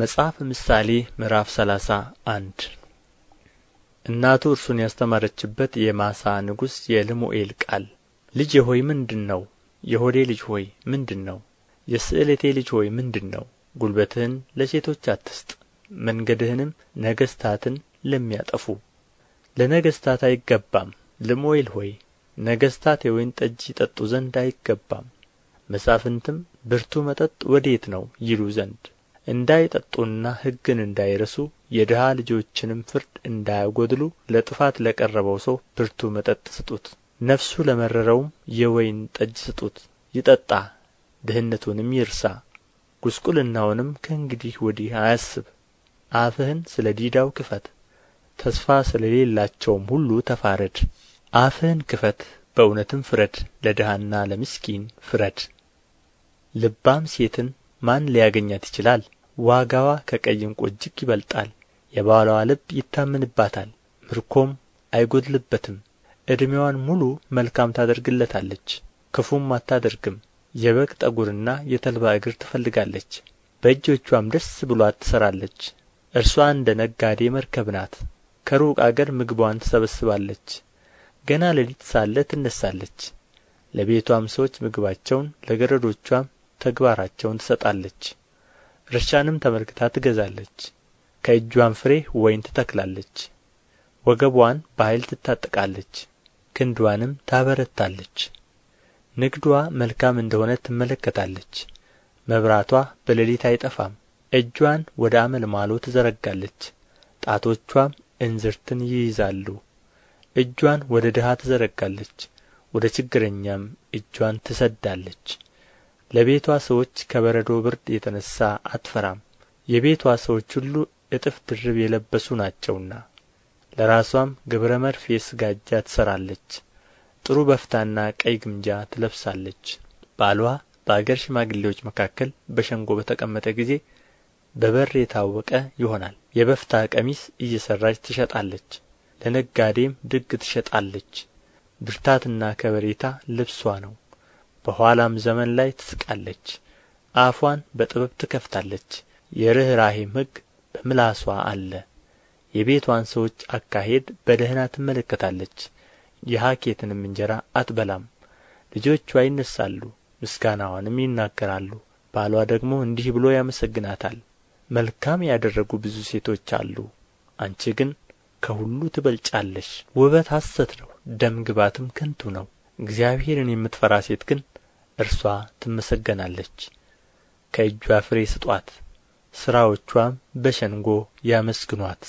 መጽሐፈ ምሳሌ ምዕራፍ ሰላሳ አንድ እናቱ እርሱን ያስተማረችበት የማሳ ንጉሥ የልሙኤል ቃል ልጄ ሆይ ምንድን ነው? የሆዴ ልጅ ሆይ ምንድን ነው? የስዕለቴ ልጅ ሆይ ምንድን ነው? ጉልበትህን ለሴቶች አትስጥ፣ መንገድህንም ነገሥታትን ለሚያጠፉ ለነገሥታት አይገባም። ልሙኤል ሆይ ነገሥታት የወይን ጠጅ ይጠጡ ዘንድ አይገባም፣ መሳፍንትም ብርቱ መጠጥ ወዴት ነው ይሉ ዘንድ እንዳይጠጡና ሕግን እንዳይረሱ የድሀ ልጆችንም ፍርድ እንዳያጎድሉ ለጥፋት ለቀረበው ሰው ብርቱ መጠጥ ስጡት ነፍሱ ለመረረውም የወይን ጠጅ ስጡት ይጠጣ ድህነቱንም ይርሳ ጉስቁልናውንም ከእንግዲህ ወዲህ አያስብ አፍህን ስለ ዲዳው ክፈት ተስፋ ስለሌላቸውም ሁሉ ተፋረድ አፍህን ክፈት በእውነትም ፍረድ ለድሃና ለምስኪን ፍረድ ልባም ሴትን ማን ሊያገኛት ይችላል ዋጋዋ ከቀይ ዕንቍ እጅግ ይበልጣል የባልዋ ልብ ይታመንባታል ምርኮም አይጎድልበትም። ዕድሜዋን ሙሉ መልካም ታደርግለታለች ክፉም አታደርግም የበግ ጠጉርና የተልባ እግር ትፈልጋለች በእጆቿም ደስ ብሎአት ትሠራለች እርሷ እንደ ነጋዴ መርከብ ናት ከሩቅ አገር ምግቧን ትሰበስባለች ገና ሌሊት ሳለ ትነሣለች ለቤቷም ሰዎች ምግባቸውን ለገረዶቿም ተግባራቸውን ትሰጣለች እርሻንም ተመልክታ ትገዛለች ከእጅዋም ፍሬ ወይን ትተክላለች ወገብዋን በኃይል ትታጠቃለች ክንድዋንም ታበረታለች ንግድዋ መልካም እንደሆነ ትመለከታለች መብራቷ በሌሊት አይጠፋም እጇን ወደ አመልማሎ ትዘረጋለች ጣቶቿም እንዝርትን ይይዛሉ እጇን ወደ ድሃ ትዘረጋለች ወደ ችግረኛም እጇን ትሰዳለች። ለቤቷ ሰዎች ከበረዶ ብርድ የተነሣ አትፈራም የቤቷ ሰዎች ሁሉ እጥፍ ድርብ የለበሱ ናቸውና ለራሷም ግብረ መርፌ ስጋጃ ትሠራለች ጥሩ በፍታና ቀይ ግምጃ ትለብሳለች ባልዋ በአገር ሽማግሌዎች መካከል በሸንጎ በተቀመጠ ጊዜ በበር የታወቀ ይሆናል የበፍታ ቀሚስ እየሠራች ትሸጣለች ለነጋዴም ድግ ትሸጣለች ብርታትና ከበሬታ ልብሷ ነው በኋላም ዘመን ላይ ትስቃለች አፏን በጥበብ ትከፍታለች የርኅራሄም ሕግ በምላስዋ አለ የቤቷን ሰዎች አካሄድ በደህና ትመለከታለች የሀኬትንም እንጀራ አትበላም ልጆቿ ይነሣሉ ምስጋናዋንም ይናገራሉ ባሏ ደግሞ እንዲህ ብሎ ያመሰግናታል መልካም ያደረጉ ብዙ ሴቶች አሉ አንቺ ግን ከሁሉ ትበልጫለሽ ውበት ሐሰት ነው ደም ግባትም ከንቱ ነው እግዚአብሔርን የምትፈራ ሴት ግን እርስዋ ትመሰገናለች ከእጅዋ ፍሬ ስጡአት ሥራዎችዋም በሸንጎ ያመስግኑአት